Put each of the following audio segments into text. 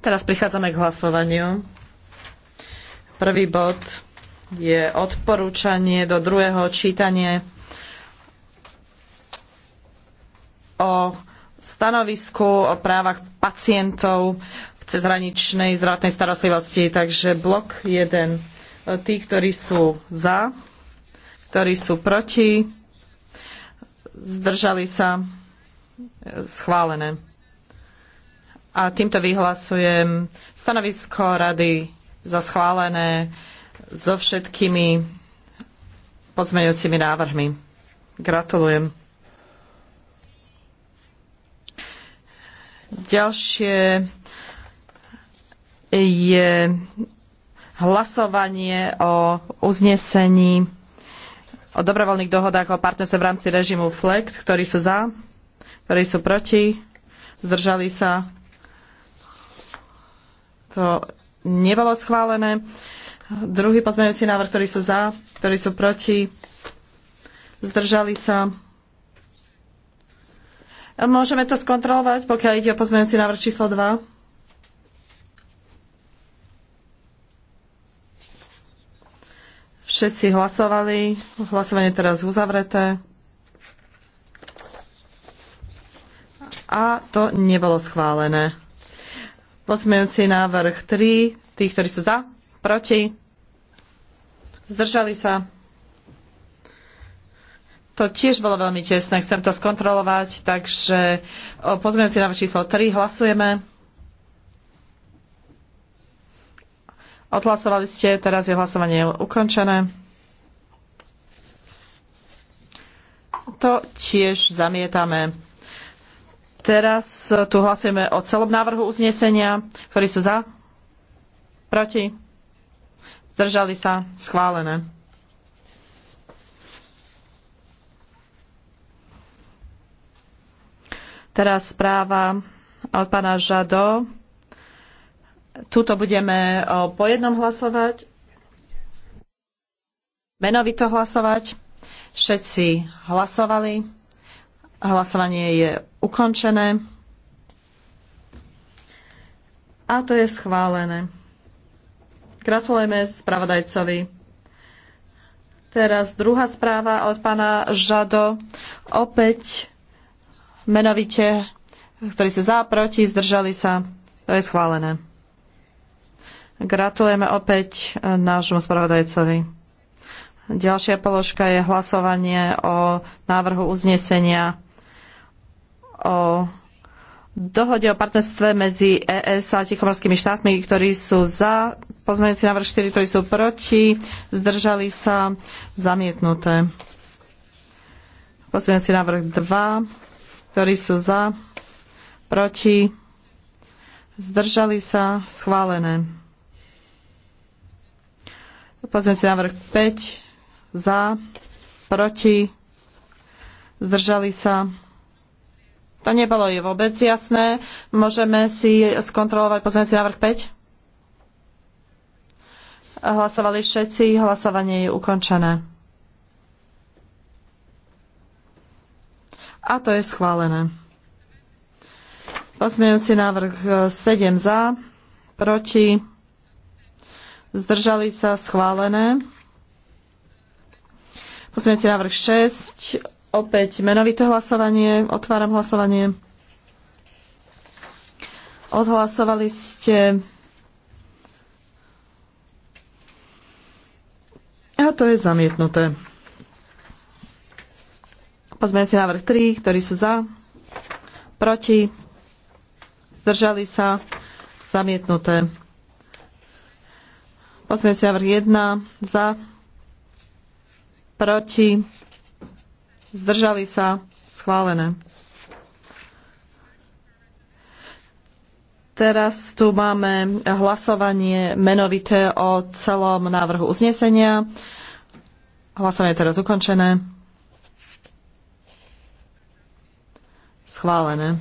Teraz prichádzame k hlasovaniu. Prvý bod je odporúčanie do druhého čítania o stanovisku o právach pacientov v cezhraničnej zdravotnej starostlivosti. Takže blok 1. Tí, ktorí sú za, ktorí sú proti, zdržali sa schválené. A týmto vyhlasujem stanovisko rady za schválené so všetkými pozmeňujúcimi návrhmi. Gratulujem. Ďalšie je hlasovanie o uznesení o dobrovoľných dohodách o partnerstve v rámci režimu FLECT, ktorí sú za ktorí sú proti, zdržali sa. To nebolo schválené. Druhý pozmeňujúci návrh, ktorí sú za, ktorí sú proti, zdržali sa. Môžeme to skontrolovať, pokiaľ ide o pozmeňujúci návrh číslo 2. Všetci hlasovali. Hlasovanie teraz uzavreté. a to nebolo schválené. Posmejúci návrh 3, tí, ktorí sú za, proti, zdržali sa. To tiež bolo veľmi tesné, chcem to skontrolovať, takže pozmejúci návrh číslo 3, hlasujeme. Odhlasovali ste, teraz je hlasovanie ukončené. To tiež zamietame. Teraz e, tu hlasujeme o celom návrhu uznesenia. Ktorí sú za? Proti? Zdržali sa? Schválené. Teraz správa od pána Žado. Tuto budeme e, po jednom hlasovať. Menovito hlasovať. Všetci hlasovali. Hlasovanie je ukončené a to je schválené. Gratulujeme spravodajcovi. Teraz druhá správa od pána Žado. Opäť menovite, ktorí sú za, proti, zdržali sa. To je schválené. Gratulujeme opäť e, nášmu spravodajcovi. Ďalšia položka je hlasovanie o návrhu uznesenia o dohode o partnerstve medzi ES a tichomorskými štátmi, ktorí sú za pozmeňujúci návrh 4, ktorí sú proti, zdržali sa, zamietnuté. Pozmeňujúci návrh 2, ktorí sú za, proti, zdržali sa, schválené. Pozmeňujúci návrh 5, za, proti, zdržali sa, to nebolo je vôbec jasné. Môžeme si skontrolovať pozmeňujúci návrh 5? Hlasovali všetci, hlasovanie je ukončené. A to je schválené. Pozmeňujúci návrh 7 e, za, proti, zdržali sa schválené. Pozmeňujúci návrh 6 Opäť menovité hlasovanie. Otváram hlasovanie. Odhlasovali ste. A to je zamietnuté. Pozme si návrh 3, ktorí sú za, proti, zdržali sa, zamietnuté. Pozme si návrh 1, za, proti, Zdržali sa? Schválené. Teraz tu máme hlasovanie menovité o celom návrhu uznesenia. Hlasovanie je teraz ukončené. Schválené.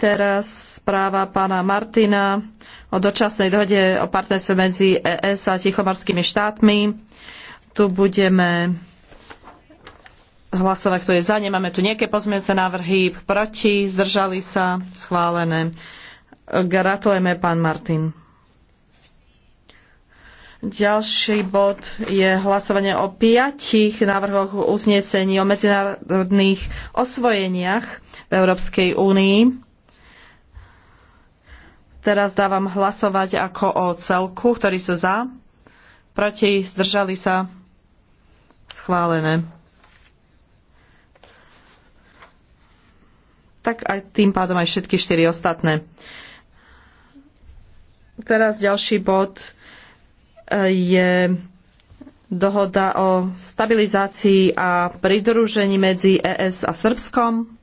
Teraz správa pána Martina o dočasnej dohode o partnerstve medzi ES a Tichomarskými štátmi tu budeme hlasovať, kto je za. Nemáme tu nejaké pozmeňujúce návrhy, proti, zdržali sa, schválené. Gratulujeme, pán Martin. Ďalší bod je hlasovanie o piatich návrhoch uznesení o medzinárodných osvojeniach v Európskej únii. Teraz dávam hlasovať ako o celku, ktorí sú za, proti, zdržali sa, schválené. Tak aj tým pádom aj všetky štyri ostatné. Teraz ďalší bod e, je dohoda o stabilizácii a pridružení medzi ES a Srbskom.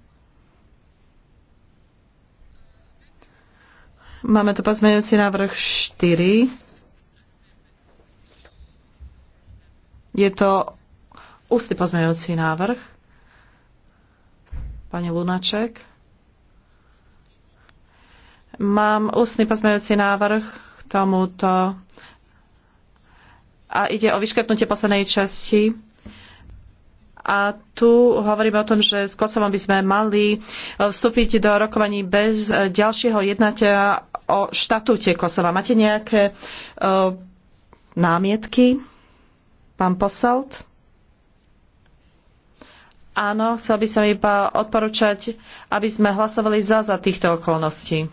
Máme tu pozmeňujúci návrh 4. Je to ústny pozmeňujúci návrh. Pani Lunaček. Mám ústny pozmeňujúci návrh k tomuto a ide o vyškrtnutie poslednej časti. A tu hovoríme o tom, že s Kosovom by sme mali e, vstúpiť do rokovaní bez e, ďalšieho jednateľa o štatúte Kosova. Máte nejaké uh, námietky? Pán Poselt? Áno, chcel by som iba odporúčať, aby sme hlasovali za za týchto okolností.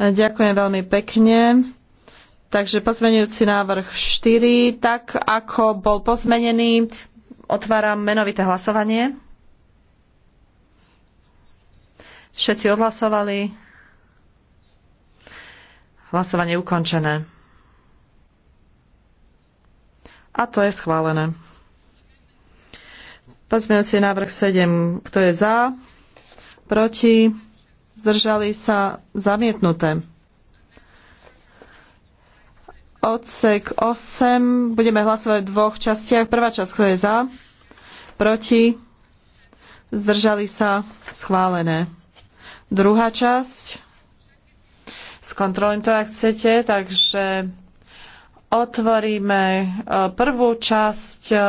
Ďakujem veľmi pekne. Takže pozmenujúci návrh 4, tak ako bol pozmenený, otváram menovité hlasovanie. Všetci odhlasovali. Hlasovanie ukončené. A to je schválené. Pozmeňujúci návrh 7. Kto je za? Proti? Zdržali sa? Zamietnuté. Odsek 8. Budeme hlasovať v dvoch častiach. Prvá časť, kto je za? Proti? Zdržali sa? Schválené. Druhá časť. Skontrolujem to, ak chcete. Takže otvoríme e, prvú časť e,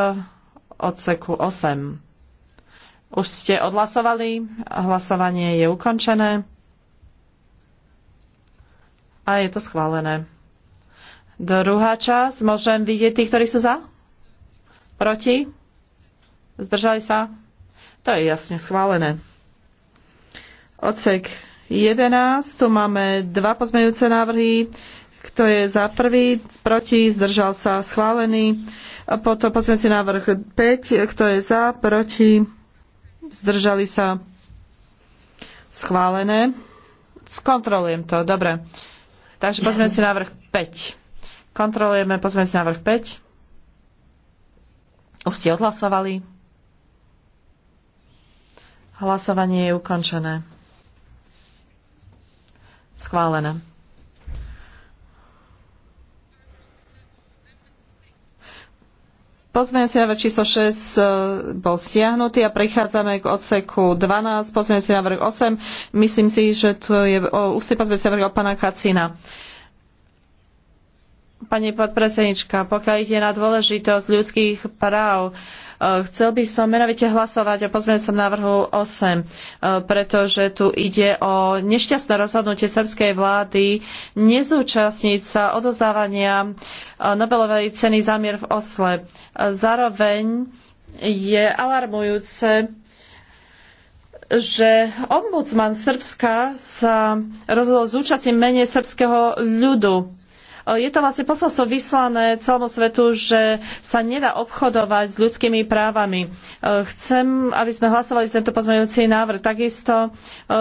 odseku 8. Už ste odhlasovali, hlasovanie je ukončené a je to schválené. Druhá časť, môžem vidieť tých, ktorí sú za? Proti? Zdržali sa? To je jasne schválené. Odsek 11, tu máme dva pozmejúce návrhy. Kto je za prvý? Proti? Zdržal sa? Schválený. Potom si návrh 5. Kto je za? Proti? Zdržali sa? Schválené. Skontrolujem to. Dobre. Takže si návrh 5. Kontrolujeme si návrh 5. Už ste odhlasovali. Hlasovanie je ukončené. Schválené. Pozmeňujúci návrh číslo 6 e, bol stiahnutý a prechádzame k odseku 12, pozmeňujúci návrh 8. Myslím si, že tu je o ústny pozmeňujúci návrh od pána Kacina. Pani podpredsednička, pokiaľ ide na dôležitosť ľudských práv, Eh, chcel by som menovite hlasovať o pozmeňujúcom návrhu 8, eh, pretože tu ide o nešťastné rozhodnutie srbskej vlády nezúčastniť sa odozdávania eh, Nobelovej ceny za mier v Osle. Zároveň je alarmujúce, že ombudsman Srbska sa rozhodol zúčastniť menej srbského ľudu je to vlastne posolstvo vyslané celému svetu, že sa nedá obchodovať s ľudskými právami. E, chcem, aby sme hlasovali za tento pozmeňujúci návrh. Takisto e,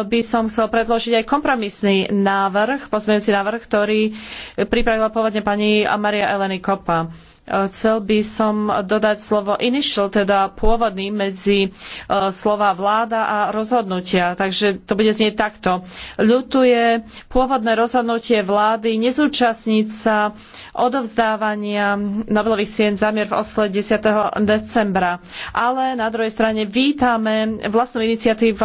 by som chcel predložiť aj kompromisný návrh, pozmeňujúci návrh, ktorý pripravila pôvodne pani Maria Eleny Kopa Chcel by som dodať slovo initial, teda pôvodný medzi e, slova vláda a rozhodnutia. Takže to bude znieť takto. Ľutuje pôvodné rozhodnutie vlády nezúčastniť sa odovzdávania Nobelových cien mier v Osle 10. decembra. Ale na druhej strane vítame vlastnú iniciatívu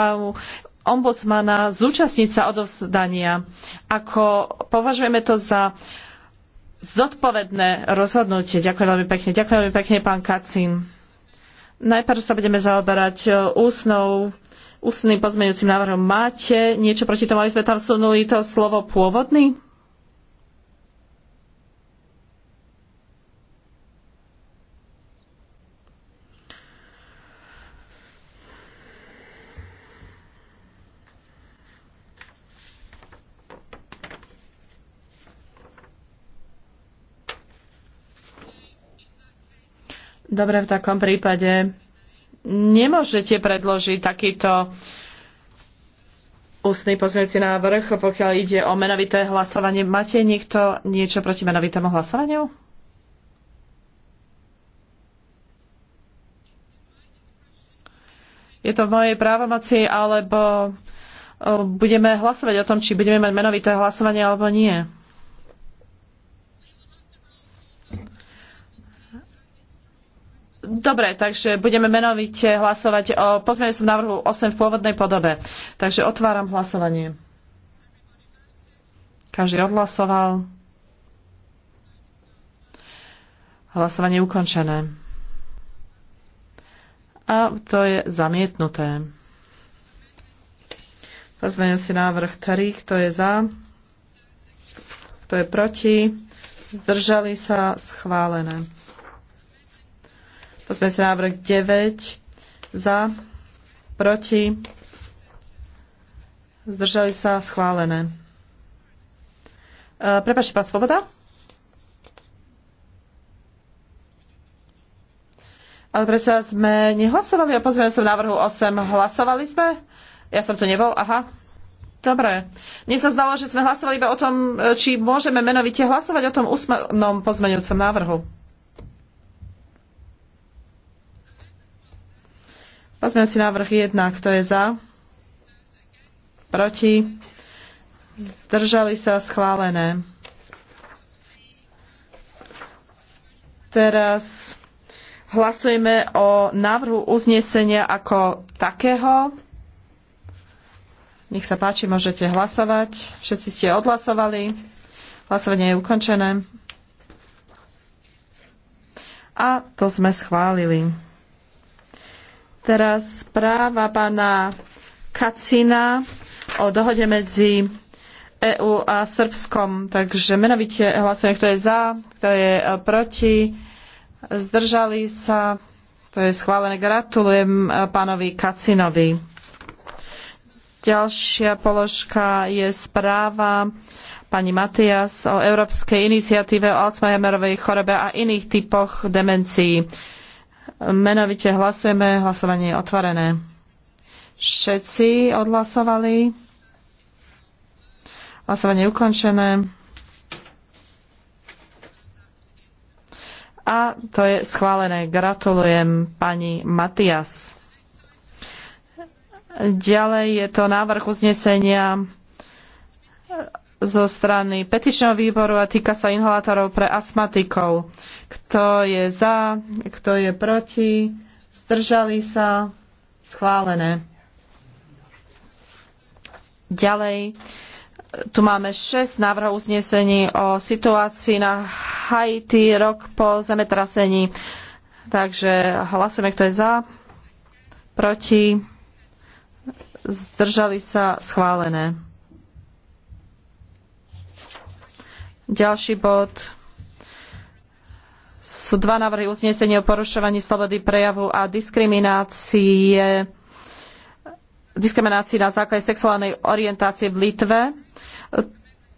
ombudsmana zúčastniť sa odovzdania. Ako považujeme to za zodpovedné rozhodnutie. Ďakujem veľmi pekne. Ďakujem veľmi pekne, pán Kacín. Najprv sa budeme zaoberať e, ústnou, ústnym pozmeňujúcim návrhom. Máte niečo proti tomu, aby sme tam sunuli to slovo pôvodný? Dobre, v takom prípade nemôžete predložiť takýto ústny pozmeňujúci návrh, pokiaľ ide o menovité hlasovanie. Máte niekto niečo proti menovitému hlasovaniu? Je to v mojej právomoci, alebo eh, budeme hlasovať o tom, či budeme mať menovité hlasovanie alebo nie. Dobre, takže budeme menovite hlasovať o pozmeňujúcom návrhu 8 v pôvodnej podobe. Takže otváram hlasovanie. Každý odhlasoval. Hlasovanie ukončené. A to je zamietnuté. si návrh 3, kto je za, kto je proti, zdržali sa, schválené. Pozmeňujúci návrh 9 za, proti, zdržali sa schválené. E, Prepačte, pán Svoboda? Ale predsa sme nehlasovali o pozmeňujúcom návrhu 8. Hlasovali sme? Ja som to nebol, aha. Dobre. Mne sa zdalo, že sme hlasovali iba o tom, e, či môžeme menovite hlasovať o tom úsmevnom pozmeňujúcom návrhu. Pozmeňujúci návrh 1, kto je za? Proti? Zdržali sa schválené. Teraz hlasujeme o návrhu uznesenia ako takého. Nech sa páči, môžete hlasovať. Všetci ste odhlasovali. Hlasovanie je ukončené. A to sme schválili. Teraz správa pána Kacina o dohode medzi EÚ a Srbskom. Takže menovite hlasujeme, kto je za, kto je proti. Zdržali sa. To je schválené. Gratulujem pánovi Kacinovi. Ďalšia položka je správa pani Matias o Európskej iniciatíve o Alzheimerovej chorobe a iných typoch demencií. Menovite hlasujeme, hlasovanie je otvorené. Všetci odhlasovali. Hlasovanie je ukončené. A to je schválené. Gratulujem pani Matias. Ďalej je to návrh uznesenia zo strany petičného výboru a týka sa inhalátorov pre astmatikov. Kto je za? Kto je proti? Zdržali sa? Schválené. Ďalej. Tu máme 6 návrhov uznesení o situácii na Haiti rok po zemetrasení. Takže hlasujeme, kto je za, proti, zdržali sa schválené. Ďalší bod sú dva návrhy uznesenia o porušovaní slobody prejavu a diskriminácie diskriminácii na základe sexuálnej orientácie v Litve.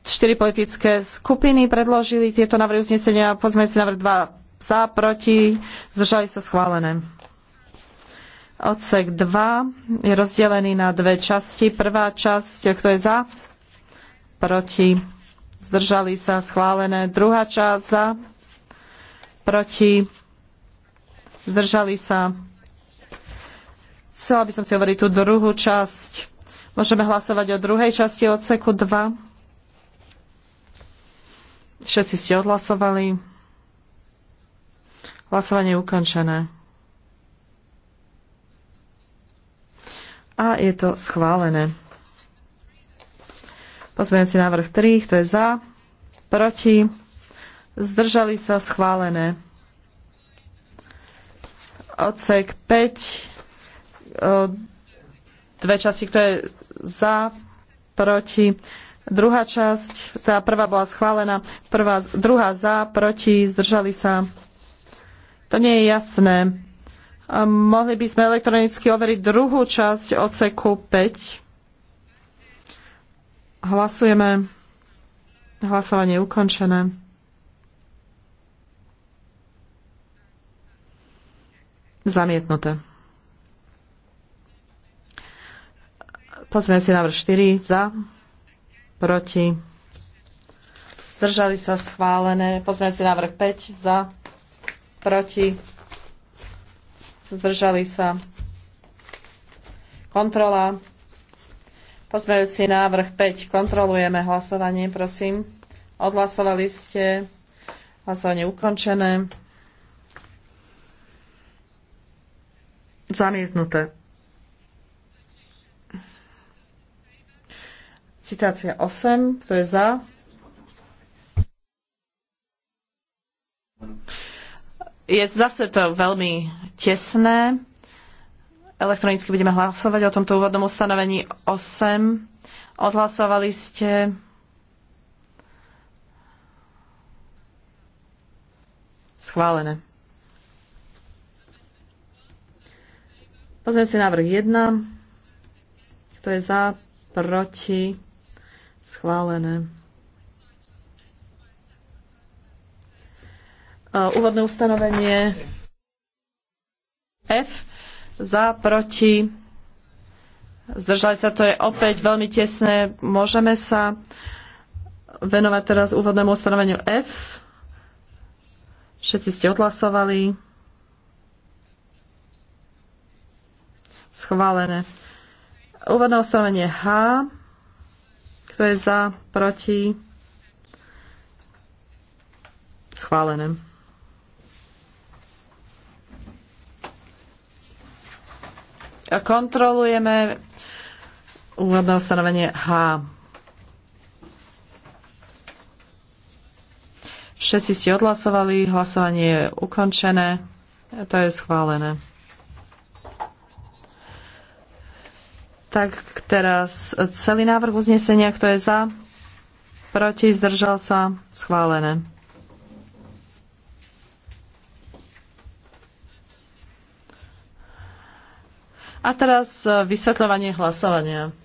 Štyri politické skupiny predložili tieto návrhy uznesenia. Pozmeňujúci návrh 2 za, proti, zdržali sa schválené. Odsek 2 je rozdelený na dve časti. Prvá časť, kto je za, proti, zdržali sa schválené. Druhá časť za, proti, zdržali sa. Chcela by som si hovoriť tú druhú časť. Môžeme hlasovať o druhej časti odseku 2. Všetci ste odhlasovali. Hlasovanie je ukončené. A je to schválené. si návrh 3, kto je za, proti, zdržali sa schválené. Odsek 5, e, dve časti, kto je za, proti, Druhá časť, tá prvá bola schválená, prvá, druhá za, proti, zdržali sa. To nie je jasné. Mohli by sme elektronicky overiť druhú časť odseku 5. Hlasujeme. Hlasovanie je ukončené. Zamietnuté. Pozrieme si návrh 4 za, proti, zdržali sa schválené. Pozrieme si návrh 5 za, proti, zdržali sa. Kontrola. Pozmeňujúci návrh 5. Kontrolujeme hlasovanie, prosím. Odhlasovali ste. Hlasovanie ukončené. Zamietnuté. Citácia 8, kto je za? Je zase to veľmi tesné. Elektronicky budeme hlasovať o tomto úvodnom ustanovení 8. Odhlasovali ste schválené. Pozrieme si návrh 1. Kto je za? Proti? Schválené. E, úvodné ustanovenie F. Za, proti, zdržali sa, to je opäť veľmi tesné. Môžeme sa venovať teraz úvodnému ustanoveniu F. Všetci ste odhlasovali. schválené. Úvodné ustanovenie H, kto je za, proti, schválené. Kontrolujeme úvodné ustanovenie H. Všetci ste odhlasovali, hlasovanie je ukončené, to je schválené. Tak teraz celý návrh uznesenia, kto je za, proti, zdržal sa, schválené. A teraz vysvetľovanie hlasovania.